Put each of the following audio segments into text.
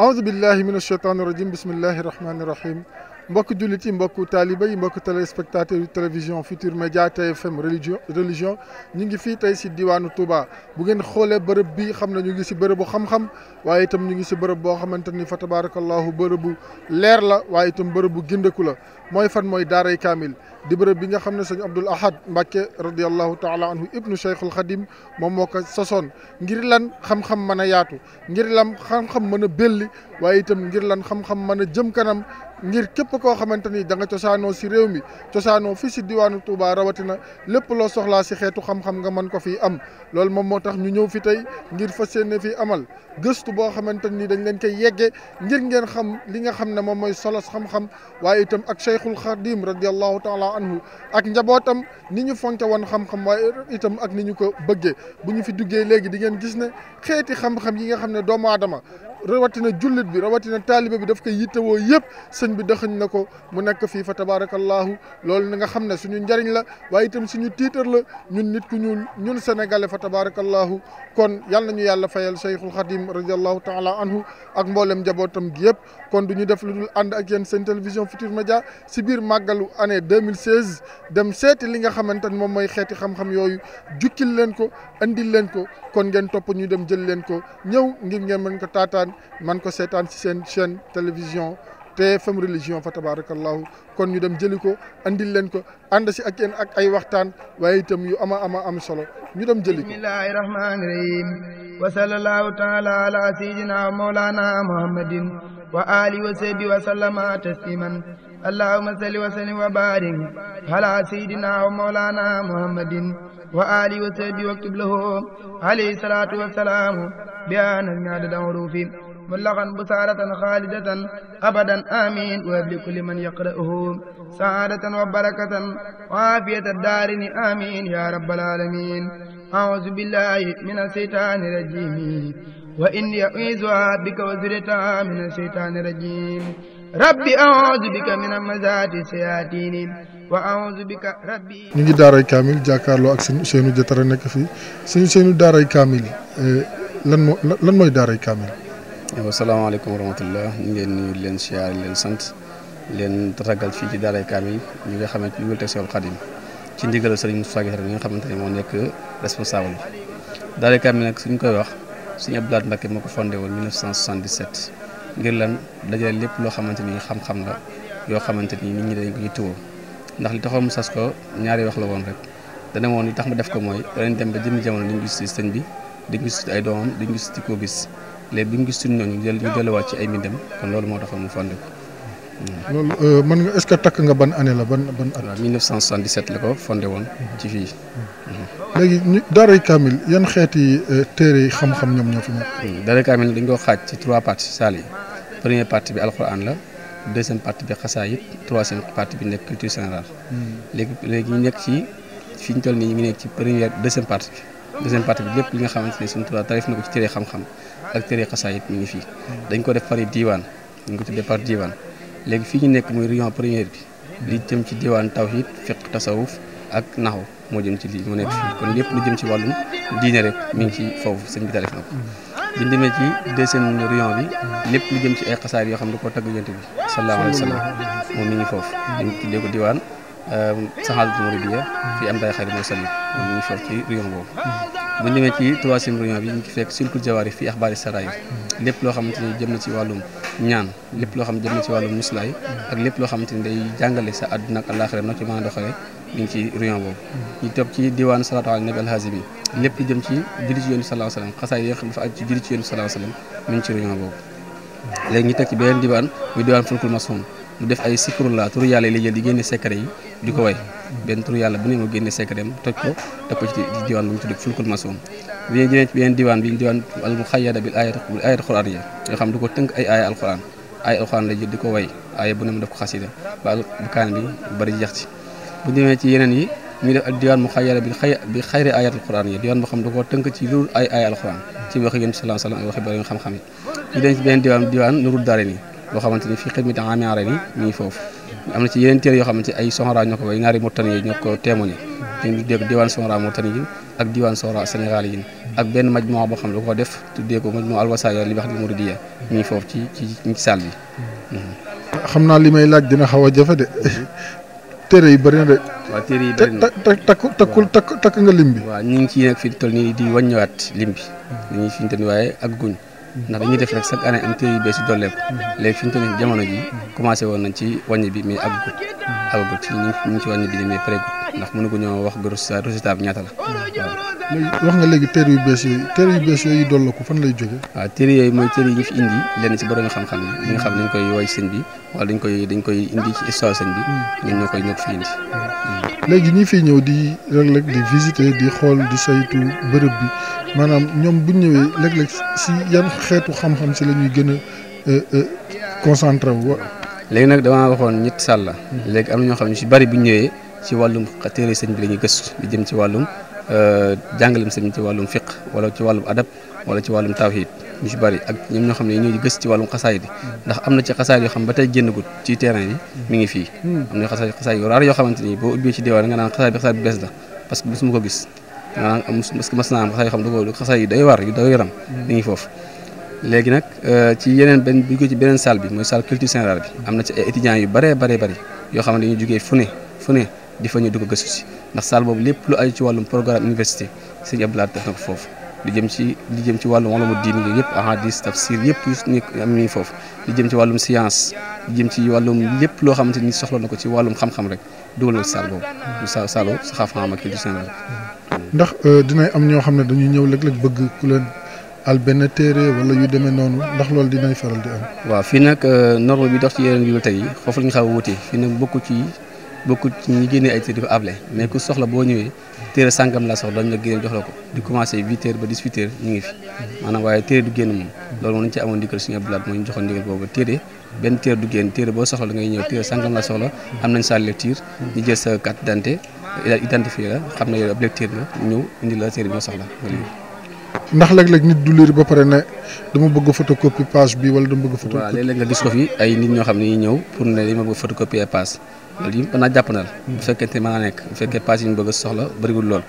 aouzu billahi min asheytaani rajim bismillahi rahmaani rahim mbokk jullit yi mbokk taaliba yi mbokk téléspectateur yu télévision Futur Média TFM religion religion ñu ngi fii tey si diwaanu Touba bu ngeen xoolee bërëb bi xam na ñu ngi si bërëbu xam-xam waaye itam ñu ngi si bërëb boo xamante ni fa tabaarakallahu bërëbu leer la waaye itam bërëbu gindeku la mooy fan mooy daaray kaamil di bi nga xam ne sëñ Abdoul Ahad Mbacke radiallahu taala anhu ibnu Cheikhul Khadim moom moo ko sosoon ngir lan xam-xam mën yaatu ngir lan xam-xam mën a belli waaye itam ngir lan xam-xam mën jëm kanam ngir képp koo xamante ni danga nga cosaanoo si réew mi cosaanoo fii si diwaanu Touba rawatina lépp loo soxlaa si xeetu xam-xam nga man ko fii am loolu moom moo tax ñu ñëw fi tey ngir fas yéene fii amal gëstu boo xamante ni dañ leen koy yegge ngir ngeen xam li nga xam ne moom mooy solos xam-xam waaye itam ak Cheikhul Khadim radiallahu anhu ak njabootam ni ñu fonke woon xam-xam waaye itam ak ni ñu ko bëggee bu ñu fi duggee léegi di ngeen gis ne xeeti xam-xam yi nga xam ne doomu aadama rawatina jullit bi rawatina taalibe bi daf koy yittewoo yëpp sëñ bi dëxëñ na ko mu nekk fii fa tabaarakallaahu loolu na nga xam ne suñu njariñ la waaye itam suñu tiitar la ñun nit ku ñu ñun sénégalais fa tabaarakallaahu kon yal nañu yàlla fayal Cheikhul Khadim radiallahu taala anhu ak mboolem njabootam gi yëpp kon du ñu def lu dul ànd ak yéen seen télévision Futur Média si biir màggalu année 2016 dem seeti li nga xamante ne moom mooy xeeti xam-xam yooyu jukkil leen ko andil leen ko kon ngeen topp ñu dem jël leen ko ñëw ngir ngeen mën ko taataan man ko seetaan ci seen chaîne télévision TFM religion fa tabarakallahu kon ñu dem jëli ko andil leen ko ànd si ak ay waxtaan waaye itam yu ama ama am solo ñu dem jëli bismillahi rahmani wa sallallahu taala ala sayyidina mawlana muhammadin wa ali wa sahbi wa sallama tasliman allahumma salli wa sallim wa barik ala sayyidina wa mawlana muhammadin wa ali wa sahbi wa aktub lahu alayhi salatu wa salamu bi anna ñaada dama ruufi ملغا بسارة خالدة أبدا آمين وهب لكل من يقرأه سعادة وبركة وعافية الدارين آمين يا رب العالمين أعوذ بالله من الشيطان الرجيم وإني أعيذها بك وزرتها من الشيطان الرجيم rabbi a'udhu bika mina mazati sayatini wa a'udhu bika rabbi ñu ngi daaray kaamil jàkkaarloo ak sëñ Ousseynou Diatara nekk fii sëñ Ousseynou daaray kaamil eh, lan moo lan mooy daaray kaamil yow salaamaaleykum wa rahmatullah ñu ngi leen nuyu leen siyaar leen sant leen ragal fii ci daaray kaamil ñi nga xamante ñu ngi teg Seexul Xadim ci ndigal sëriñ Moussa Guèye mi nga xamante ne moo nekk responsable bi daaray kaamil nag suñ koy wax suñ Abdou Lahad Mbacké moo ko fondé woon 1977 ngir lan dajale lépp loo xamante ni xam-xam la yoo xamante ni nit ñi dañ ko yittewoo ndax li taxoon mu sas ko ñaari wax la woon rek dana woon li tax mu def ko mooy danañ dem ba jëm jamono di ñu gis ci sëñ bi di ay doomam di gis ci ko bis léegi bi mu gis suñu ñooñu ñu delluwaat ci ay mbindam kon moo taxoon mu fondé euh, mën nga est-ce que takk nga ban année la ban ban at. waaw 1977 la ko fii. léegi ñu daaray kaamil yan xeeti euh, téere yi xam-xam ñoom ñoo fi nekk. Hmm, daaray kaamil dañ ko xaaj ci trois parties saal yi première partie bi alxuraan la deuxième partie bi xasaayit troisième partie bi nekk culture générale. Hmm. léegi léegi ñu nekk ci fi ñu toll nii ñu nekk ci première deuxième partie bi deuxième partie bi lépp li nga xamante ne suñu tubaab tarif na ko ci téere xam-xam. ak téere xasaayit mi ngi fii dañ ko def pari diiwaan ngi ko tuddee par diiwaan léegi fii ñu nekk muy rayon première bi li jëm ci diiwaan tawhid fiq tasawuf ak naxaw moo jëm ci lii mu nekk fii kon lépp lu jëm ci wàllum diine rek mi ngi ci foofu sëñ bi na ko bi ñu demee ci deuxième bi lépp lu jëm ci ay xasaayit yoo xam ne koo tagg yonent bi sallallahu alayhi wa sallam moom mi ngi foofu dañ tuddee ko diiwaan euh, saxaadatu muridiyya fii am day xayri mursaliin moom mi ngi foofu ci rayon boobu bu ñu demee ci troisième réunion bi ñu ngi fekk silkul jawaari fii axbaari saraay lépp loo xamante ni jëm na ci wàllum ñaan lépp loo xam ne jëm na ci wàllum muslaay ak lépp loo xamante ni day jàngale sa àdduna ak àllaaxira noo ci mën a doxalee ñu ngi ci réunion boobu ñu topp ci diwaan salaatu ala nabi alhaasi bi lépp lu jëm ci julli ci yoonu salaahu salaam xasaay yi nga xam dafa aj ci julli ci yoonu salaahu salaam mu ngi ci réunion boobu léegi ñu teg ci beneen diwaan di génne secret yi di ko way benn tur yàlla bu ne ma génne secretam toj ko teg ko ci diwaan bu ñu tuddee fulkul masuum bi ñu jëmee ci beneen diwaan bi ñu diwaan al muxayyada ayat bil quran yi nga xam du ko tënk ay aaya alquran aaya alquran la jël di ko way aaya bu ne mu def ko xasida ba bukaan bi bu ñu demee ci yeneen yi ñu def diwaan muxayyada bi xay bi xayri ayat alquran yi diwaan boo xam du ko tënk ci lu ay aaya alquran ci waxi yéen salaam salaam ay waxi bari xam-xam yi ñu ci beneen diwaan diwaan nurul daare nii boo xamante ni fii xidmati aamiaare ni ñu ngi foofu am na ci yeneen téere yoo xam ne ci ay Soxora ñoo ko way ñaari Mauritanie yi ñoo ko témoigné ñu tuddee ko ak diwaan Soxora Sénégal boo xam ne da ko def tuddee ko majmoo foofu ci ci ci salle bi. Hmm. xam naa li may laaj dina xaw a jafe de téere yi bëri na de. waaw téere yi bëri na te takku takkul takk takk nga lim bi. ñu ngi ciy nekk fi ñu toll nii di wàññiwaat lim bi. dañuy fi ñu toll waaye ak guñ. ndax dañuy def rek chaque année am téye yu bees yi dolleeku léegi fi ñu toll jamono ji commencé woon nañ ci wàññi bi mais aggut aggut ci ñu ngi ci wàññi bi mais paregut ndax mënu ko ñoo wax grossesse résultat bi ñaata la. wax nga léegi téere yu bees yooyu téere yu bees yooyu dolli ko fan lay jógee. waaw téere yooyu mooy téere yi ñu fi indi lenn ci xam-xam yi ñi nga xam dañ bi wala dañ koy dañ koy indi ci histoire sëñ bi. ñun ñoo koy ñoo ko hmm. léegi ñi fiy ñëw di Reug Reug di visiter di xool di saytu bërëb bi maanaam ñoom bu ñëwee Reug Reug si yan xeetu xam-xam si lañuy ñuy gën a euh, euh, wu. léegi nag damaa waxoon ñett sàlla hmm. léegi am na ñoo xam ne si bari bu ñëwee ci wàllum téere sëñ bi la ñuy gëstu jëm ci wàllum euh, jàngalem sëñ bi ci wàllum fiq wala ci wàllum adab wala ci wàllum tawhid ñu ci bari ak ñoom ñoo xam ne ñuy gës ci wàllum xasaay bi ndax am na ci xasaay yoo xam ba tey génnagut ci terrain yi mi ngi fii hmm. am na xasaay xasaay yu raar yoo xamante ni boo ubbee ci diwaan nga naan xasaay bi xasaay bi bees la parce que mosuma ko gis nga mas naa am xasaay yoo xam da ko xasaay yu doy war yu doy yaram hmm. mi ngi foofu léegi nag euh, ci yeneen benn bi ko ci beneen salle bi mooy salle culture générale bi am na ci ay étudiants yu baree baree bëri yoo xam ne dañuy jógee fu ne di fa ñëw di ko gëstu si ndax salle boobu lépp lu aju ci wàllum programme université sëñ Abdou Lahad def na ko foofu li jëm ci li jëm ci wàllum wala mu diin yooyu yëpp ahadis tafsir yëpp yu nekk foofu li jëm ci wàllum science li jëm ci wàllum lépp loo xamante ni soxla na ko ci wàllum xam-xam rek dugal na salle boobu du sa sallo saxaafama ki du Sénégal ndax euh, dina am ñoo xam ne dañuy ñëw léeg-léeg bëgg ku leen al benn téere wala yu demee noonu ndax loolu dinay faral di waaw fii nag euh, norme bi dox ci yeneen yu tey foofu la ñu xaw a wutee fii nag bokku ci bokkul ci ñu génnee ay téere di ko able mais ku soxla boo ñëwee téere sàngam la soxla dañ la génne jox la ko di commencé 8 heures ba 18 heures ñu ngi fi maanaam waaye téere du génn moom loolu moom lañu ci amoon ndigal suñu Abdoulaye moo ñu joxoon ndigal boobu téere benn téere du génn téere boo soxla da ngay ñëw téere sàngam la soxla am nañ salle lecture ñu jël sa carte d'identité identifié la xam ne yow ab lecteur la ñëw indi la téere bi soxla ndax léeg-léeg nit du lire ba pare ne dama bëgg photocopie page bi wala dama bëgg photocopie waaw léeg nga gis nit ñoo xam ne ñëw pour ne dama bëgg loolu yëpp mën naa jàpp na la bu naa nekk bu fekkee page yi ñu bëgg a lool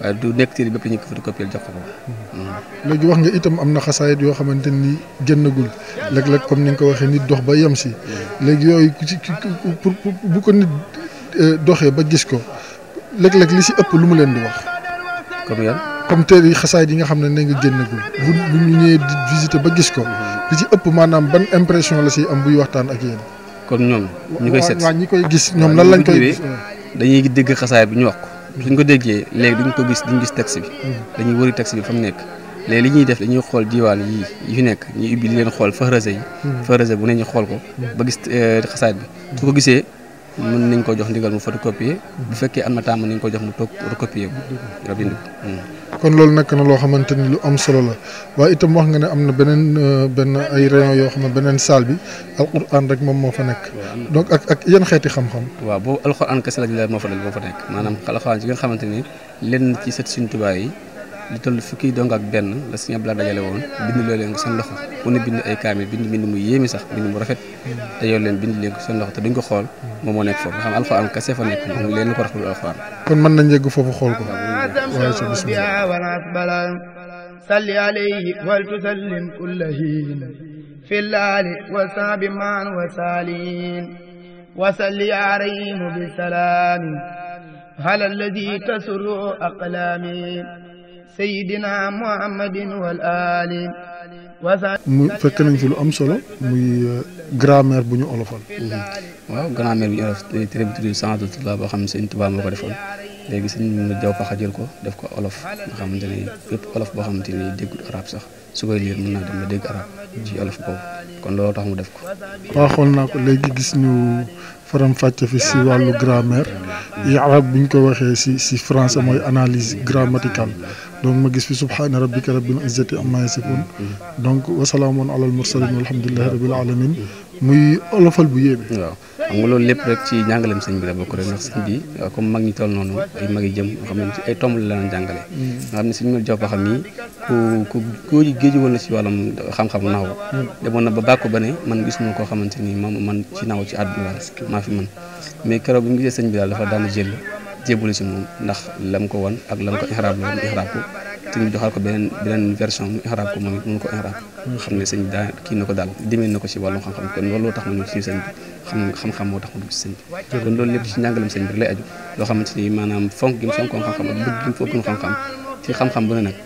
waaye nekk téere bépp la ñu ko photocopier jox ko hmm. wax nga itam am na xasaayit yoo xamante ni génnagul léeg-léeg comme ni nga ko waxee nit dox ba yem si léegi yooyu ku ci pour bu ko nit euh, doxee ba gis ko léeg-léeg li si ëpp lu mu leen di wax comme yan comme téere yi yi nga xam ne ne nga génnagul bu bu ñu ñëwee di visiter ba gis ko li ci ëpp maanaam ban impression la si am buy waxtaan ak yéen kon ñoom ñi koy seet ñi koy gis ñoom lan lañ koy dañuy dégg xasaay bi ñu wax ko suñ ko déggee léegi duñ ko gis duñ gis texte bi hmm. dañuy wëri texte bi fa mu nekk léegi li ñuy def dañuy xool diwaan yi yi fi nekk ñuy ubbi leen xool fahrase yi hmm. fahrase bu ne ñu xool ko hmm. ba gis eh, xasaay bi su ko gisee mun nañ ko jox ndigal mu photocopier bu fekkee am na tàmm nañ ko jox mu toog recopier ko rab kon loolu nekk na loo xamante ni lu am solo la waaye itam wax nga ne am na beneen euh, benn ay réyon yoo xam ne beneen saal bi alquran rek moom moo fa nekk. donc ak ak yan xeeti xam-xam. waaw boobu alquran kese la moo fa nekk moo fa nekk maanaam alquran ci nga xamante ni leen ci sët suñ tubaay yi. di toll fukki dong ak benn la Sëñ Abdou Lahad dajale woon bind loo leen ko seen loxo ku ne bind ay kaamil bind bind mu yéemi sax bind rafet te leen bind ko seen loxo te duñ ko xool moom moo nekk foofu nga xam alxuraan kese fa nekk moom leen ko raxul alxuraan kon mën nañ yegg foofu xool ko waaye ci bismillah salli alayhi wal tusallim kullahin fi laali wa saabi maan wa saalin wa salli alayhim bi salaami ala alladi tasuru aqlaami sayidina muhammadin wal ali mu fekk nañ fi lu am solo muy uh, grammaire bu ñu olofal. Mm-hmm. waaw grammaire bu ñu olof téere bi tudd Sens de Touba boo xam ne sëñ Touba moo ko defoon léegi sëñ Jaw Paxa jël ko def ko olof nga xamante ni bépp olof boo xamante ni déggul arab sax. su koy liir mën naa dem ba dégg arab ci olof boobu kon looloo tax mu def ko. waa xool naa ko léegi gis ñu faram fàcc fi si wàllu grammaire yi arab bu ñu ko waxee si si français mooy analyse grammaticale donc ma gis fi subhaana rabbika rabbil izzati amma yasifun donc wasalaamun alal mursalin walhamdulillahi rabbil alamin muy olofal bu yéeme. xam nga loolu lépp rek ci jàngaleem sëñ bi la bokk rek ndax sëñ bi comme mag ñi toll noonu ay mag yi jëm nga xam ne ci ay tomb la daan jàngale mm. nga xam ne sëñ Mor Joop ba xam nii ku ku géeju woon na ci wàllum xam-xamu mm. ba bàkku ba ne man koo xamante ni moom man ci naaw ci àdduna la maa fi man mais keroog bi mu gisee sëñ bi daal dafa daan jël jébbalu moom ndax lam ko won ak lam ko ixraab la mu ixraab ko te ñu joxal ko beneen beneen version mu ko moom ko ixraab xam ne sëñ daal demee na ko ci wàllum xam-xam kon loolu tax ma ñëw ci sëñ bi xam xam-xam moo tax ma dugg ci sëñ bi kon loolu lépp ci njàngalam sëñ bi rek lay aju loo xamante ni maanaam fonk gi mu fonkoon xam-xam ak bëgg gi mu fonkoon xam-xam ci xam-xam bu ne nag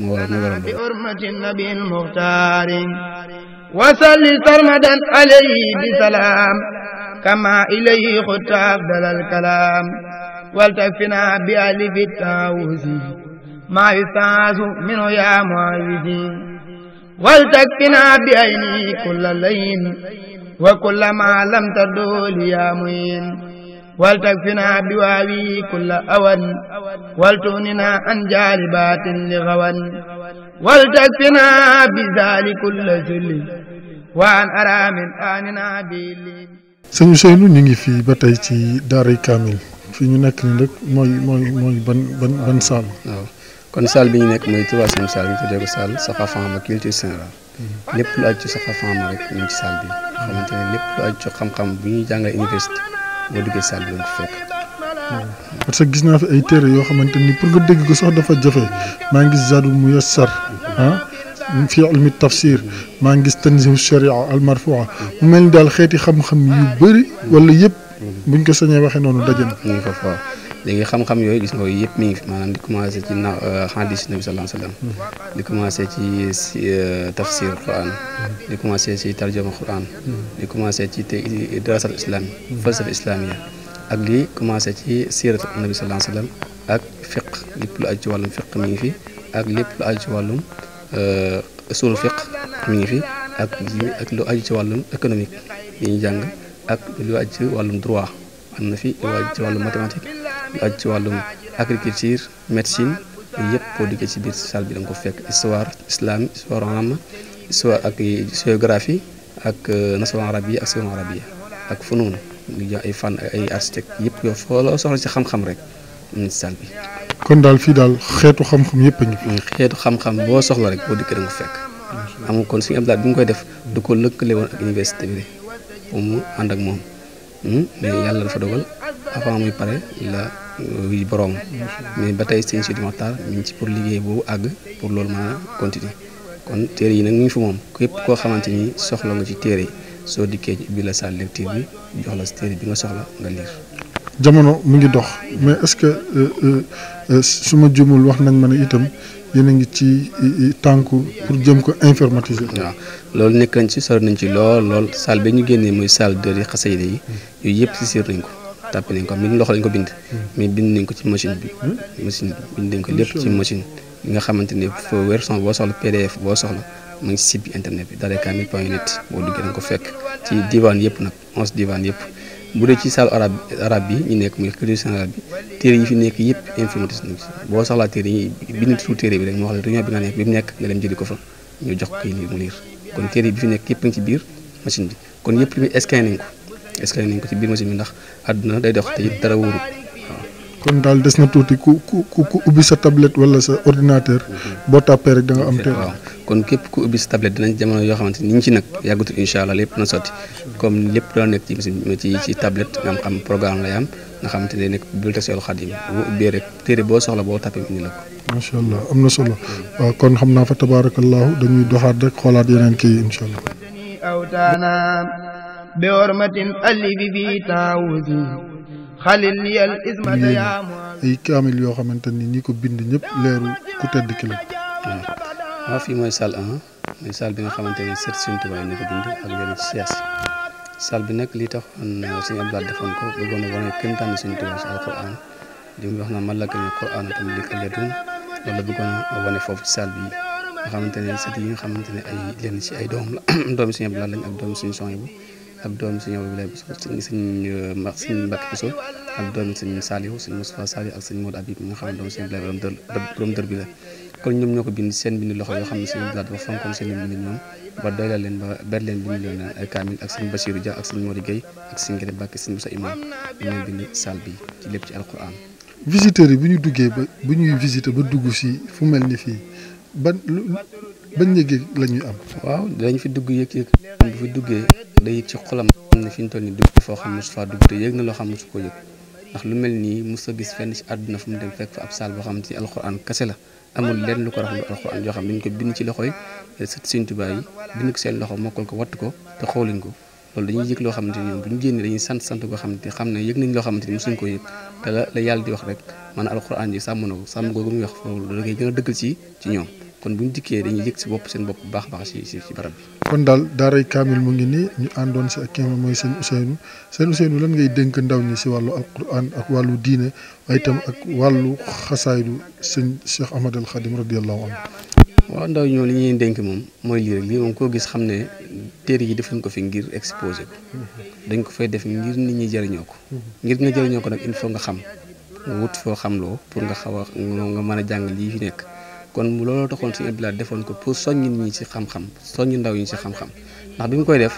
moo waral moo waral bi urmati nabil muxtaari wasalli sarmadan alayhi bi salaam kama ilayhi xutta afdal alkalaam waltafina bi alifi taawusi maa yustaasu minu yaa muawisi waltakfina bi ayni kulla layin wa kulla ma lam tadooli yaa muyin waltakfina bi waawi kulla awan waltugnina an jaalibatin li gawan waltakfina bi zaali kulla zulli wa an araamin aanina bi lin sëñ Seynu ñu ngi fii ba tey ci daaray kaamil fii ñu nekk ni rek mooy mooy mooy ban ban ban saal waaw kon salle bi ñu nekk mu troisième salle ñu tuddee ko salle Safafa Hama culture générale mhm. lépp lu aju ci Safafa Hama rek ñu ci salle bi mhm. xamante ne lépp lu aju ci xam-xam bu ñuy jàngalee université boo duggee salle bi fekk. Mhm. parce que gis naa fi ay téere yoo xamante ni pour nga dégg ko sax dafa jafe maa ngi gis Zadul Muyassar ah fi ilmi tafsir maa ngi gis Tanzihu Sharia al marfua mu mel ni daal xeeti xam-xam yu bëri wala yëpp buñ ko sañee waxee noonu daje na. léegi xam-xam yooyu gis nga yëpp mi ngi fi maanaam di commencé ci na xadis euh, nabi sallallahu alayhi wasallam mm. di commencé ci euh, tafsir quran mm. di commencé ci tarjuma quran mm. di commencé ci te dirasat islam falsafa islamiya ak lii commencé ci siiratu nabi sallallahu alayhi ak fiq lépp lu aju ci wàllum fiq mi ngi fi ak lépp lu aju ci wàllum euh, usul fiq mi ngi fi ak ci wàllum économique yi ñu jàng ak lu aju ci wàllum droit am na fi lu aju ci wàllum mathématique lu aj ci wàllum agriculture médecine yëpp boo duggee ci biir salle bi da nga ko fekk histoire islam histoire am histoire ak géographie ak euh, nasaraan arab yi ak siraan arab yi ak funuun ñu jox ay fànn ay architecte yëpp yoo fooloo soxla ci xam-xam rek mu ci bi. kon daal fii daal xeetu xam-xam mm, xeetu xam boo soxla rek boo duggee da nga ko fekk. kon suñu abdoulaye bi koy def du ko lëkkale woon ak université bi mu ànd ak moom mm, yàlla dafa dogal avant pare yi mais ba tey sëñ Sidi Moxtaar ñu ngi ci pour liggéey boobu àgg pour loolu mën a continuer kon téere yi nag ñu ngi fi moom képp koo xamante ni soxla nga ci téere yi soo dikkee ci ubbi la salle lecture bi jox la téere bi nga soxla nga liir. jamono mu ngi dox mais est-ce que euh, euh, euh, su ma jëmul wax nañ ma ne itam yéen ngi ci tànku pour jëm ko informatiser. waaw loolu nekk nañ ci sori nañ ci lool lool saal bi ñu génnee muy salle de xasayda yi yooyu yëpp si siir nañ ko. tàppi nañ ko mi ndox lañ ko bind mais bind nañ ko ci machine bi hmm? machine bi bind nañ ko lépp ci machine bi nga xamante ne fa version boo soxla pdf boo soxla mu ngi site bi internet bi dalee kaamil point boo duggee dañ ko fekk ci diwaan yëpp nag onze diwaan yëpp bu dee ci salle arabe arabe bi ñu nekk muy culture générale bi fi nekk yëpp informatique nañ boo soxlaa téere yi bind tuuti téere bi rek moo xam ne réunion bi nga nekk bi mu nekk nga dem jëli ko fa ñu jox ko kii mu liir kon téere bi fi nekk yëpp ngi ci biir machine bi kon yëpp li muy ko escale nañ ko ci biir machine bi ndax àdduna day dox te it dara wóorul kon daal des na tuuti ku ku ku ubbi sa tablette wala sa ordinateur boo tàppee rek da nga am teel kon képp ku ubbi sa tablette dinañ jamono yoo xamante ni ñu ci nag yàggutul incha allah lépp na sotti comme lépp doo nekk ci machine ci ci tablette nga xam programme lay am nga xamante ne day nekk bibliothèque Seexul Xaadim boo ubbee rek téere boo soxla boo tàppee indi la ko. macha allah am na solo waaw kon xam naa fa tabaarakallaahu dañuy doxaat rek xoolaat yeneen kii yi ay kaamil yoo xamante ni ñi ko bind ñëpp leeru ku tedd ki la. waaw ah, fii mooy salle 1 mooy salle bi nga xamante ne seet Sëriñ Tuubaa ñu ko bind ak yeneen siyaas salle bi nag li taxoon Sëriñ Abdu Lahat defoon ko bëggoon a wane kenn tànn si alquran di wax na malakal quran ko ledun loolu bëggoon a wane foofu ci salle bi nga xamante ne sët yi nga xamante ne ay lenn ci ay doom la doomi Sëriñ Abdu Lahat lañ ak doomi Sëriñ Suhaybu bu ab doomi sëñ Abdoulaye Bousso sëñ sëñ euh, Mbacke Bousso ak doomi sëñ Saliou sëñ Moustapha Saliou ak sëñ Modou Habib mi nga xam ne doomi sëñ Abdoulaye borom dër bi la kon ñoom ñoo ko bind seen bind loxo yoo xam ne sëñ Abdoulaye dafa fonkoon seen bind ñoom ba doylal ba ber leen bind leen ay kaamil ak sëñ Bassirou Dia ak sëñ Modou Guèye ak sëñ Guèye Mbacke sëñ Moussa Imam ñoo bind salle bi ci lépp ci alquran visiteurs yi bu ñu duggee bu ñuy visiter ba dugg si fu mel bañ yëg-yëg la ñuy am. waaw dañ fi dugg yëg-yëg bu fi duggee day yëg ci xolam xam ne fi ñu toll nii dugg foo xam mosu faa dugg te yëg na loo xam mosu ko yëg ndax lu mel nii mos a gis fenn ci àdduna fu mu dem fekk fa boo xam ne ci alxuraan kese la amul lenn lu ko rax xam ne dañ ko bind ci loxoy sët Sëñ Tuubaa seen loxo mokkal ko watt ko te xooluñ ko loolu dañuy yëg loo xamante ni ñoom bu ñu génnee dañuy sant sant koo xamante xam ne yëg nañ loo xamante ni mosuñ ko yëg te la la yàlla di wax rek man alxuraan ji sàmm na ko sàmm googu muy wax loolu da ngay gën a dëggal ci ci ñoom kon bu ñu dikkee dañuy yëg si bopp seen bopp bu baax baax si si si barab bi. kon daal daaray kaamil mu ngi nii ñu àndoon si ak ki nga mooy seen Ousseynou seen Ousseynou lan ngay dénk ndaw ñi si wàllu alquran ak wàllu diine waaye itam ak wàllu xasaayu seen Cheikh Ahmadul Xadim radiyallahu anhu. waaw ndaw ñoo li ñuy dénk moom mooy lii rek lii moom koo gis xam ne téere yi defuñ ko fi ngir exposé dañ ko fay def ngir nit ñi jariñoo ko. ngir nga jëriñoo ko nag il nga xam nga wut foo pour nga xaw a nga mën a jàng lii fi nekk kon looloo taxoon suñu Abdou defoon ko pour soññ nit ñi ci xam-xam soññ ndaw ñi ci xam-xam ndax bi mu koy def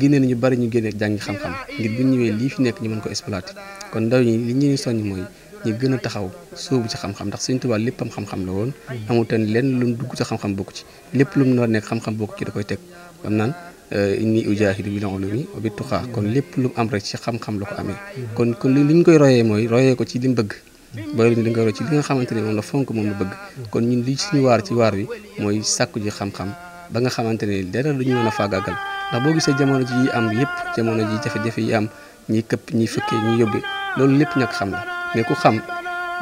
génne ñu bari ñu génne jàngi xam-xam ngir bu ñëwee lii fi nekk ñu mën ko exploité kon ndaw li ñu soññ mooy ñu gën a taxaw sóobu ci xam-xam ndax Sëriñ Tuubaa léppam xam-xam la woon amutoon lenn lu mu dugg ci xam-xam bokku ci lépp lu mu noo nekk xam-xam bokku ci da koy teg am naan euh, inni ujaahidu bil ulumi wa bit tuqaa kon lépp lu mu am rek ci xam-xam la ko amee kon kon li ñu koy royee mooy royee ko ci li mu bari li nga war ci li nga xamante ne moom la fonk moom la bëgg kon ñun li suñu waar ci waar wi mooy sàkku ji xam-xam ba nga xamante ne dara du ñu mën a faagaagal ndax boo gisee jamono ji am yëpp jamono ji jafe-jafe yi am ñi këpp ñi fëkkee ñi yóbbe loolu lépp ñakk xam la mais ku xam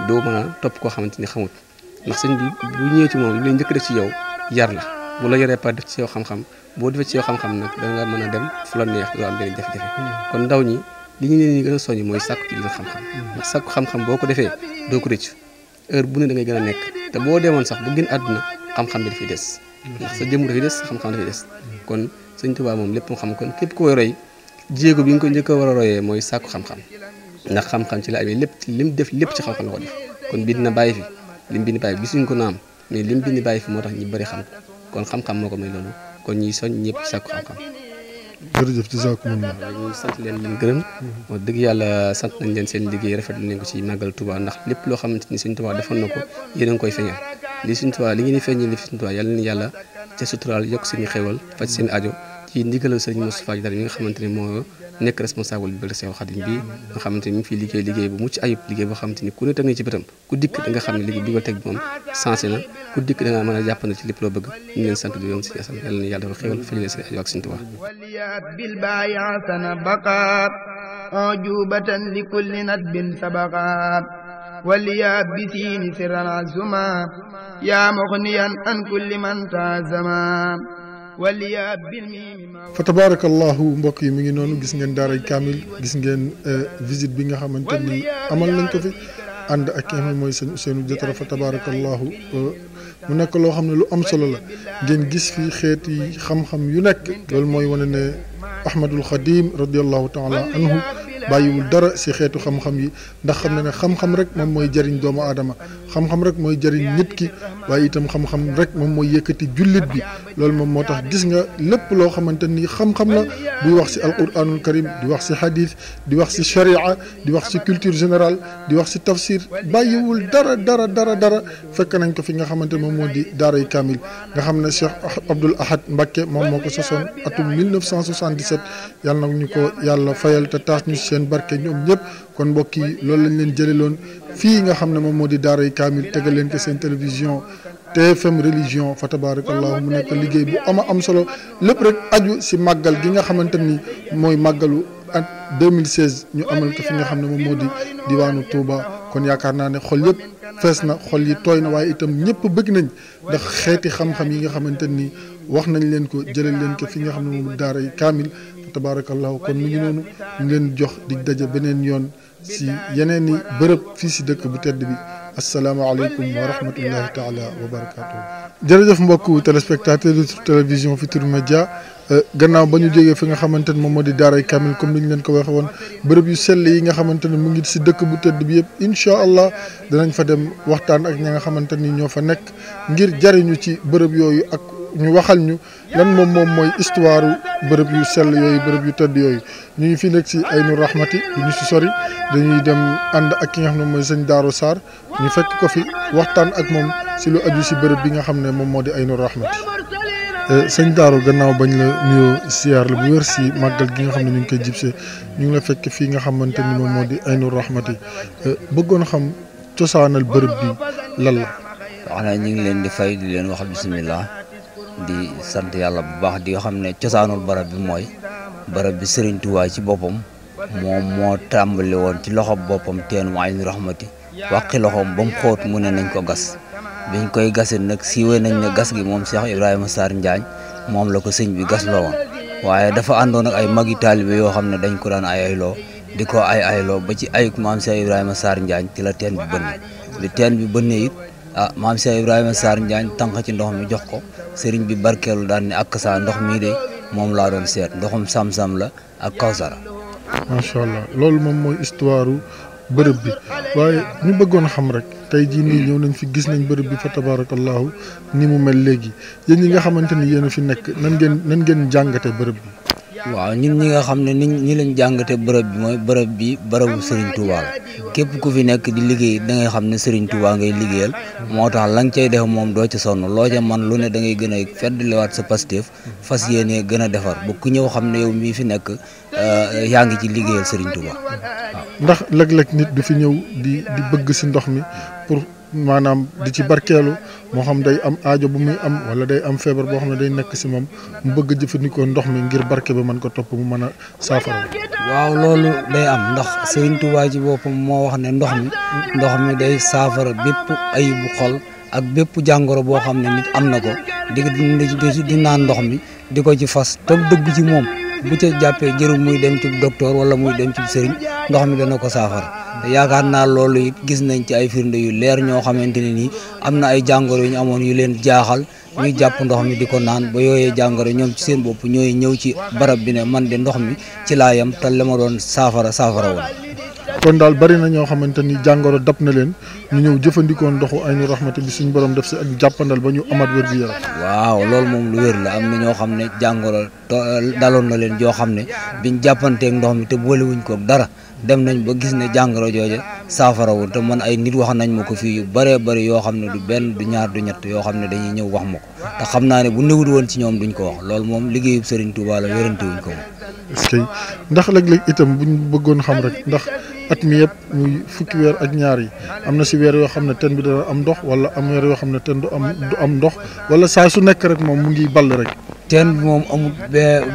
doo mën a topp koo xamante ni xamut ndax sëñ bi bu ñëwee ci moom li lay njëkk def ci yow yar la bu la yoree par def ci yow xam-xam boo defee ci yow xam-xam nag da nga mën a dem fu la neex doo am benn li ñu leen gën a yi mooy sàkku ci li xam boo ko defee doo ko rëcc heure bu ne da ngay gën a nekk te boo demoon sax bu gën àdduna xam-xam bi dafay des sa jëmm dafay des sa xam-xam dafay des kon sëñ Tuubaa moom lépp mu xam kon képp ku koy roy bi nga ko njëkk a war a royee mooy sàkku xam ndax xam ci la amee lépp li mu def lépp ci xam-xam kon bind na bàyyi fi li mu bind bàyyi fi gisuñ ko naam mais li mu bind bàyyi fi moo tax ñu bëri xam kon xam-xam moo ko may loolu kon ñuy soñ ñëpp ci xam-xam jërëjëf jazakumullah ñu sant leen leen gërëm wax dëgg yàlla sant nañ leen seen liggéey rafet nañ ko ci màggal Touba ndax lépp loo xamante ni Sëñ Touba defoon na ko a koy feeñal li Sëñ Touba li ngeen di feeñal li Sëñ Touba yàlla na yàlla ca suturaal yokk seen xewal faj seen ajo ci ndigalal sëriñ Moustapha Diagne mi nga xamante ni nekk responsable bi bële Seexu Xadim bi nga xamante ni mi ngi fiy liggéey liggéey bu mucc ayib liggéey boo xamante ni ku ne teg na ci bëtam ku dikk da nga xam ne liggéey bi nga teg moom sensé na ku dikk da nga mën a jàpp na ci lépp loo bëgg ñu leen sant di yoon si asam yàlla na yàlla dafa xéwal fajalee seen ajo ak suñu tubaab عجوبة لكل ندب سبقا وليا بسين سرا عزما يا مغنيا عن كل من تعزما fa tabaarakallaahu mbokk yi mi ngi noonu gis ngeen daaray kaamil gis ngeen eh, visite bi nga xamante ni amal nañ ko fi ànd ak ki nga xam ne mooy sëñ Ousseynou Diatara fa tabaarakallaahu eh, mu nekk loo xam ne lu am solo la ngeen gis fi xeeti xam-xam yu nekk loolu mooy wane ne Ahmadul Xadim radiallahu taala anhu bàyyiwul dara si xeetu xam-xam yi ndax xam na ne xam-xam rek moom mooy jëriñ doomu aadama xam-xam rek mooy jëriñ nit ki waaye itam xam-xam rek moom mooy yëkkati jullit bi loolu moom moo tax gis nga lépp loo xamante ni xam-xam na buy wax si alquranul karim di wax si hadith di wax si sharia di wax si culture générale di wax si tafsir bàyyiwul dara dara dara dara fekk nañ ko fi nga xamante moom moo di daaray kaamil nga xam ne Cheikh Abdoul Ahad Mbacké moom moo ko sosoon atum 1977 yàlla na ñu ko yàlla fayal ta taas ñu seen barke ñoom ñëpp kon mbokk yi loolu lañ leen loon fii nga xam ne moom moo di daaray kaamil tegal leen ko seen télévision TFM religion fa tabarakallahu mu nekk liggéey bu ama am solo lépp rek aju si màggal gi nga xamante ni mooy màggalu at 2016 ñu amal ko fi nga xam ne moom moo di diwaanu Touba kon yaakaar naa ne xol yëpp fees na xol yi tooy na waaye itam ñëpp bëgg nañ ndax xeeti xam-xam yi nga xamante ni wax nañ leen ko jëlal leen ko fi nga xam ne moom daara yi kaamil tabaarakallahu kon mi ngi noonu ñu jox di daje beneen yoon si yeneen i bërëb fii si dëkk bu tedd bi asalaamaaleykum wa rahmatullahi taala wa barakaatuhu. jërëjëf mbokku téléspectateur de télévision Futurs Médias euh, gannaaw ba ñu jógee fi nga xamante ne moom moo di daaray kamil comme ni ñu leen ko waxee woon bërëb yu sell yi nga xamante ne mu ngi si dëkk bu tedd bi yëpp incha allah danañ fa dem waxtaan ak ña nga xamante ni ñoo fa nekk ngir jariñu ci bërëb yooyu ak. ñu waxal ñu lan moom moom mooy histoire bërëb yu sell yooyu bërëb yu tëdd yooyu ñu ngi fi nekk si ay Rahmati du ñu si sori dañuy dem ànd ak ki nga xam ne mooy sëñ Darou Sarr ñu fekk ko fi waxtaan ak moom si lu aju si bërëb bi nga xam ne moom moo di Aynu Rahmati. Eh, sëñ Darou gannaaw bañ la nuyoo siyaar la bu wér si màggal gi nga xam ne ñu ngi koy jibsee ñu ngi la fekk fii nga xamante ni moom moo di Aynu Rahmati eh, bëggoon xam cosaanal bërëb bi lan la. wax na ñu ngi leen di fay di leen wax bisimilah. di sant yàlla bu baax di nga xam ne cosaanul barab bi mooy barab bi Sëriñ ci boppam moom moo tàmbali woon ci loxo boppam teen mu aynu rahmati wàqi loxoom ba mu xóot mu ne nañ ko gas biñ koy gasit nag siiwee nañ ne gas gi moom Cheikh Ibrahima saar Njaañ moom la ko sëñ bi gas loo woon waaye dafa àndoon ak ay magi taalibe yoo xam ne dañ ko daan ay ayloo di ko ay ayloo ba ci ayuk maam Cheikh Ibrahima Sarr Njaañ ci la teen bi bënn bi teen bi bënne it ah maam Cheikh Ibrahima Sarr Njaañ tànq ci ndox mi jox ko sëriñ bi barkeelu daal ni ak saa ndox mii de moom laa doon seet ndoxum sam-sam la ak kawsara macha allah loolu moom mooy histoire bërëb bi waaye ñu bëggoon xam rek tey jii nii ñëw nañ fi gis nañ bërëb bi fa tabarakallahu ni mu mel léegi yéen ñi nga xamante ni yéen fi nekk nan ngeen nan ngeen jàngate bërëb bi waaw ñun ñi nga xam ne ni ñi lañ jàngate bërëb bi mooy bërëb bi bërëbu Serigne Touba la képp ku fi nekk di liggéey da ngay xam ne Serigne Touba ngay liggéeyal moo tax la nga cay def moom doo ci sonn loo ca man lu ne da ngay gën a feddliwaat sa pastéef fas yéene gën a defar ba ku ñëw xam ne yow mii fi nekk euh, yaa ngi ci liggéeyal Serigne Touba waaw ndax léeg-léeg nit du fi ñëw di bëgg si ndox mi pour maanaam di ci barkeelu moo xam day am ajo bu muy am wala day am feebar boo xam ne day nekk si moom mu bëgg jëfandikoo ndox mi ngir barke bi mën ko topp mu mën a saafara. waaw loolu day am ndax Serigne Touba ci boppam moo wax ne ndox mi ndox mi day saafara bépp ay xol ak bépp jàngoro boo xam ne nit am na ko di di naan ndox mi di ko ci fas te dëgg ci moom bu ca jàppee jëru muy dem ci docteur wala muy dem ci Serigne ndox mi dana ko saafara. yaakaar naa loolu it gis nañ ci ay firnde yu leer ñoo xamante ne nii am na ay jàngoro yu amoon yu leen jaaxal ñuy jàpp ndox mi di ko naan ba yooyee jàngoro ñoom ci seen bopp ñooy ñëw ci barab bi ne man de ndox mi ci laa yam te saafara saafara woon. kon bari na ñoo xamante ni jàngoro dab na leen ñu ñëw jëfandikoo ndoxu aynu rahmati bi suñ borom def si ak jàppandal ba ñu amaat wér gu yaram. waaw loolu moom lu wér la am na ñoo xam ne jàngoro daloon na leen joo xam ne biñ jàppanteeg ndox mi te boolewuñ koom dara. dem nañ ba gis ne jàngoro jooja saafarawul te man ay nit wax nañ ma ko fii yu bëree bëri yoo xam ne du benn du ñaar du ñett yoo xam ne dañuy ñëw wax ma ko te xam naa ne bu newul woon ci ñoom duñ ko wax loolu moom liggéeyub Serigne Touba la wérante wuñ ko moom. est-ce que ndax léeg-léeg itam buñ bëggoon xam rek ndax. at mi yëpp muy fukki weer ak ñaar yi am na si weer yoo xam ne ten bi dana am ndox wala am weer yoo xam ne ten du am du am ndox wala saa su nekk rek moom mu ngi ball rek. teen bi moom amul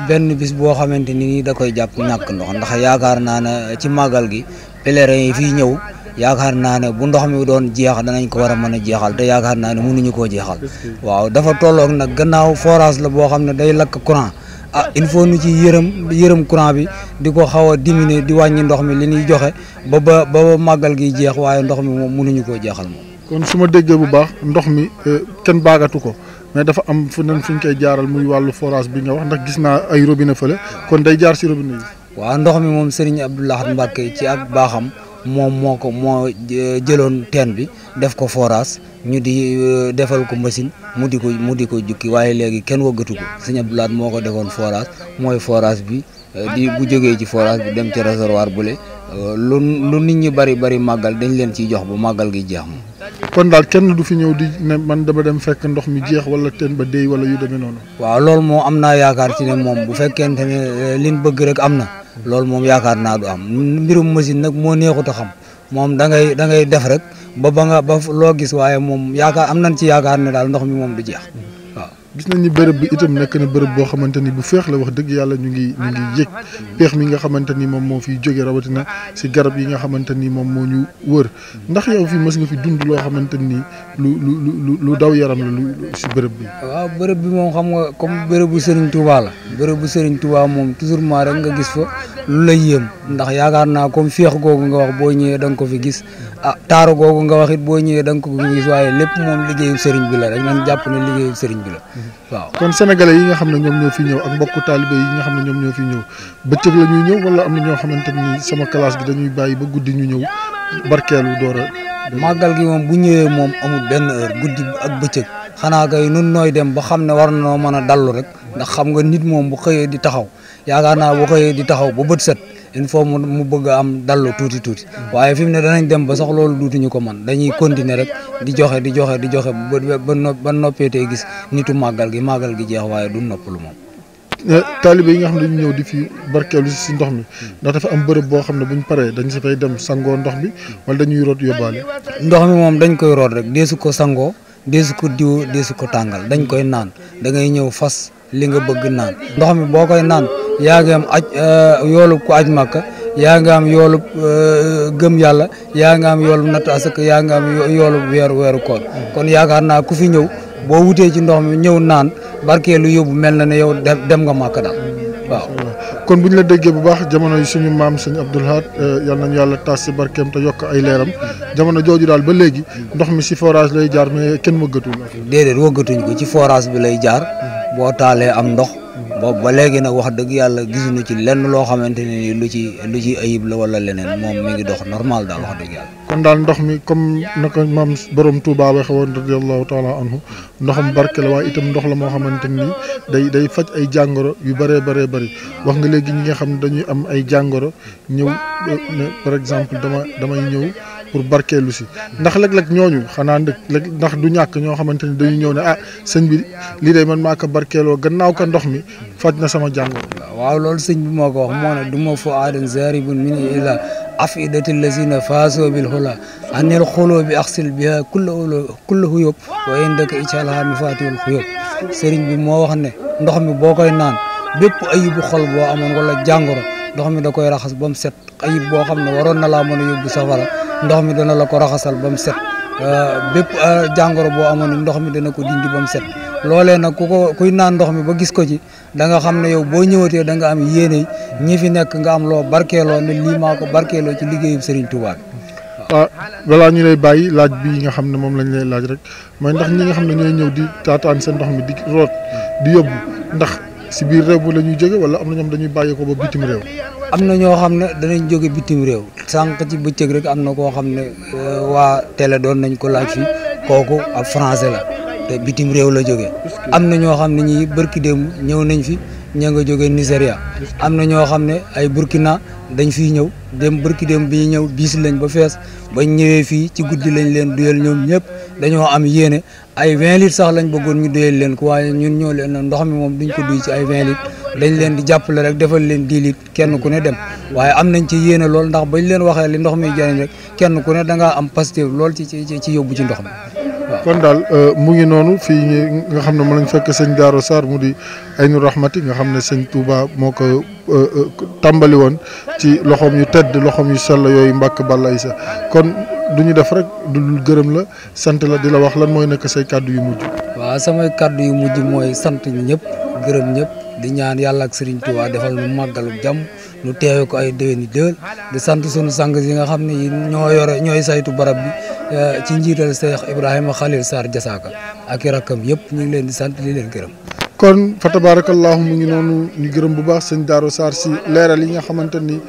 benn bis boo xamante ni da koy jàpp ñàkk ndox ndax yaakaar naa ne ci màggal gi pèlerin yi fii ñëw. yaakaar naa ne bu ndox mi doon jeex danañ ko war a mën a jeexal te yaakaar naa ne mënuñu koo jeexal waaw dafa tolloog nag gannaaw forage la boo xam ne day lakk courant ah il faut nu ci yërëm yërëm courant bi di ko xaw a diminuer di wàññi ndox mi li ñuy joxe ba ba ba màggal gi jeex waaye ndox mi moom mënuñu koo jeexal moom. kon su ma déggee bu baax ndox mi euh, kenn baagatu ko mais dafa am fu nen fu ñu koy jaaral muy wàllu forage bi nga wax ndax gis naa ay robine fële kon day jaar si robinet yi. waa ndox mi moom Serigne Abdou Lahad Mbacké ci ak baaxam. moom moo ko moo jëloon teen bi def ko forage ñu di euh, defal ko machine mu di ko mu di ko jukki waaye léegi kenn wëggatu ko Sëñ Abdou Lahad moo ko defoon forage mooy forage bi euh, di bu jógee ci forage bi dem ci réservoir bule euh, lu lu nit ñi bari bari màggal dañ leen ciy jox bu màggal gi jeex moom. kon daal kenn du fi ñëw di ne man dama dem fekk ndox mi jeex wala teen ba déy wala yu demee noonu. waaw loolu moo am naa yaakaar ci ne moom bu fekkente ne liñ bëgg rek am na. loolu moom yaakaar naa du am mbirum machine nag moo neexut a xam moom da ngay da ngay def rek ba ba nga ba loo gis waaye moom yaakaar am nañ ci yaakaar ne daal ndox mi moom du jeex. gis nañ ni bërëb bi itam nekk ne bërëb boo xamante ni bu feex la wax dëgg yàlla ñu ngi ñu ngi yëg peex mi nga xamante ni moom moo fiy jóge rawatina si garab yi nga xamante ni moom moo ñu wër ndax yow fii mës nga fi dund loo xamante ni lu lu lu lu daw yaram la lu si bërëb bi. waaw bërëb bi moom xam nga comme bu Serigne Touba la. bu Serigne Touba moom toujours maa rek nga gis fa. lu la yem ndax yaakaar naa comme féex googu nga wax boo ñëwee da nga ko fi gis a ah, taaru googu nga wax it boo ñëwee da ko fi gis waaye lépp moom liggéeyu sëriñ bi la rek man jàpp ne liggéeyu sëriñ bi la mhm. waaw. kon sénégalais yi nga xam ne ñoom ñoo fi ñëw ak mbokku taalibe yi nga xam ne ñoom ñoo fi ñëw bëccëg la ñuy ñëw wala ñoo xamante ni sama classe bi dañuy bàyyi ba guddi ñu ñëw barkeelu door a. màggal gi moom bu ñëwee moom amul benn heure guddi ak bëccëg xanaa kay nun nooy dem ba xam ne war na noo mën a dallu rek ndax xam nga nit moom bu xëyee di taxaw yaakaar naa boo koy di taxaw ba bët set il faut mu bëgg a am dallu tuuti tuuti waaye fi mu ne danañ dem ba sax loolu duutuñu ko man dañuy continuer rek di joxe di joxe di joxe ba noppee noppeetee gis nitu màggal gi màggal gi jeex waaye du noppalu moom taalibe yi nga xam ne dañu ñëw di fi barkeelu si ndox mi ndax dafa am bërëb boo xam ne buñ paree dañ si fay dem sangoo ndox mi wala dañuy root yóbbaale ndox mi moom dañ koy root rek deesu ko sangoo deesu ko diw deesu ko tàngal dañ koy naan da ngay ñëw fas li nga bëgg naan ndox mi boo koy naan yaa ngi am aj euh, yoolub ku aj màkka yaa nga am yoolub euh, gëm yàlla yaa nga am yoolub natt asaka yaa nga am yoolub weeru weeru koor kon yaakaar naa ku fi ñëw boo wutee ci ndox mi ñëw naan barkee lu yóbbu mel na ne yow dem nga màkka daal waaw kon bu ñu la dëggee bu baax jamono yi suñu maam sëñ Abdoul Ahad nañ euh, nañu yàlla taas si barkeem te yokk ay leeram jamono jooju daal ba léegi ndox mi si forage lay jaar mais kenn wëggatuñ déedéet wëggatuñ ko ci forage bi lay jaar boo taalee am ndox boobu ba léegi nag wax dëgg yàlla gisuñu ci lenn loo xamante ni lu ci lu ci ayib la wala leneen moom mu ngi dox normal daal wax dëgg yàlla. kon daal ndox mi comme naka maam boroom Touba waxee woon radiyallahu taala anhu ndoxam barke la waaye itam ndox la moo xamante ni day day faj ay jàngoro yu bëree bëree bari wax nga léegi ñi nga xam ne dañuy am ay jàngoro ñëw par exemple dama damay ñëw. pour barkeelu si ndax léeg-léeg ñooñu xanaa léeg ndax du ñàkk ñoo xamante ni dañu ñëw na ah sëñ bi lii day man maa ko barkeeloo gannaaw ko ndox mi faj na sama jàngoro. waaw loolu sëñ bi moo ko wax moo ne du ma fa aadan zaribun min ila afidati lazina faasoo bil xula anil xuloo bi axsil biha kulla kulla xuyób wa indaka icalha mi faatiwul xuyób sëriñ bi moo wax ne ndox mi boo koy naan bépp ayibu xol boo amoon wala jàngoro ndox mi da koy raxas ba mu set ayib boo xam ne waroon na laa mën a yóbbu safara ndox mi dana la ko raxasal ba mu set euh, bépp euh, jàngoro boo amoon ndox mi dana ko dindi ba mu set loolee nag ku ko kuy naan ndox mi ba gis ko ci da nga xam ne yow boo ñëwatee danga nga am yéene ñi fi nekk nga am loo barkeeloo ne lii maa ko barkeeloo ci liggéeyub Serigne Touba bi. waaw ah, balaa ñu lay bàyyi laaj bi nga xam ne moom lañ lay laaj rek mooy ndax ñi nga xam ne ñooy ñëw di taataan seen ndox mi di di yóbbu si biir réew mi la ñuy jóge wala am na ñoom dañuy ko ba bitim réew. am na ñoo xam ne danañ joge bitim réew sànq ci bëccëg rek am na koo xam ne euh, waa télé doon nañ ko laaj fii kooku ab français la bitim réew la jóge am na ñoo xam ne ñii barki démb ñëw nañ fi ña nga jóge Nigéria am na ñoo xam ne ay Burkina. dañ fiy ñëw dem barki dem bi ñëw biis lañ ba fees bañ ñëwee fii ci guddi lañ leen duyal ñoom ñëpp dañoo am yéene ay 20 litres sax lañ bëggoon ñu duyal leen ko waaye ñun ñoo leen na ndox mi moom dañ ko duy ci ay 20 litres dañ leen di jàppale rek defal leen 10 litres kenn ku ne dem waaye am nañ ci yéene lool ndax bañ leen waxee li ndox mi jëriñ rek kenn ku ne dangaa am pastéef lool ci ci ci yóbbu ci ndox mi kon daal euh, mu ngi noonu fii nga xam ne moom lañ fekk sëñ Daaro Sarr mu di Aynu Rahmati nga xam ne sëñ Touba moo ko euh, euh, tàmbali woon ci loxoom yu tedd loxoom yu sell yooyu mbàkk bàllay sa kon du ñu def rek du gërëm la sant la di la wax lan mooy nekk say kàddu yu mujj. waa samay kàddu yu mujj mooy sant ñëpp gërëm ñëpp di ñaan yàlla ak Serigne Touba defal nu màggalu jàmm nu teewe ko ay déwéni déwén di sant sunu sang yi nga xam ne ñoo yore ñooy saytu barab bi. Eh, ci njiital Seex Ibrahima Khalil Sarr Jasaaka ak i rakkam yëpp ñu ngi leen di sant di leen gërëm. kon fa tabaarakallaahu mu ngi noonu ñu gërëm bu baax sëñ Darou Sarr si leeral yi nga xamante ni.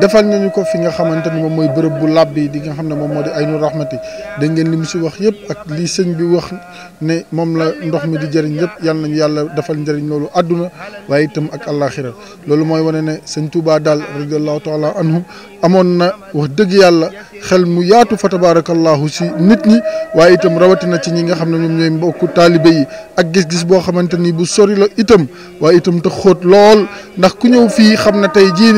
defal nañu ko fi nga xamante ni moom mooy bërëb bu làbb bi di nga xam ne moom moo di aynu rahmati da ngeen li mu si wax yëpp ak li sëñ bi wax ne moom la ndox mi di jëriñ yëpp yal nañu yàlla defal njariñ loolu àdduna waaye itam ak àllaaxira loolu mooy wane ne sëñ Touba daal radiyallahu taala anhu amoon na wax dëgg yàlla xel mu yaatu fa tabarakallahu si nit ñi waaye itam rawatina ci ñi nga xam ne ñoom ñooy mbokku taalibe yi ak gis-gis boo xamante ni bu sori la itam waaye itam te xóot lool ndax ku ñëw fii xam na tey jii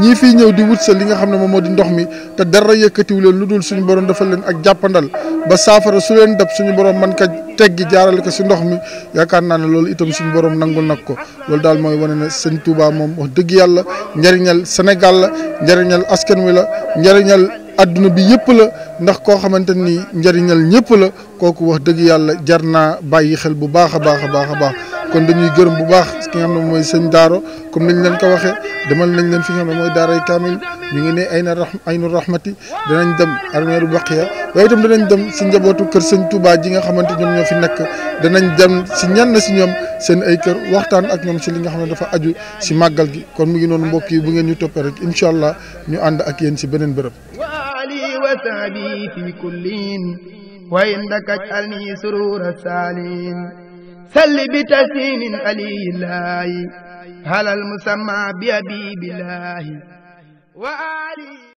ñii fii ñëw di wut sa li nga xam ne moom moo di ndox mi te dara yëkkatiw leen lu dul suñu borom defal leen ak jàppandal ba saafara su leen dab suñu borom man ka teggi jaarale ko si ndox mi yaakaar naa ne loolu itam suñu borom nangul nag ko loolu daal mooy wane ne sëñ moom wax dëgg yàlla njëriñal Sénégal la njëriñal askan wi la njëriñal. adduna bi yëpp la ndax koo xamante ni njëriñal ñëpp la kooku wax dëgg yàlla jar naa bàyyi xel bu baax a baax a a baax kon dañuy gërëm bu baax ki nga xam ne mooy sëñ daaro comme nañ leen ko waxee demal nañ leen fi nga xam ne mooy daaray kaamil ñu ngi ne ay na ra ay nu rahmati danañ dem armeeru baqiya waaye itam danañ dem si njabootu kër sëñ Touba ji nga xamante ñoom ñoo fi nekk danañ dem si ñenn si ñoom seen ay kër waxtaan ak ñoom si li nga xam ne dafa aju si màggal gi kon mu ngi noonu mbokk yi bu ngeen ñu toppee rek incha allah ñu ànd ak yéen si beneen bërëb وسعدي في كل وإنك اجعلني سرور السالين salli bi taslimin aliyillaahi alal musamma bi habiibillaahi wa aalihi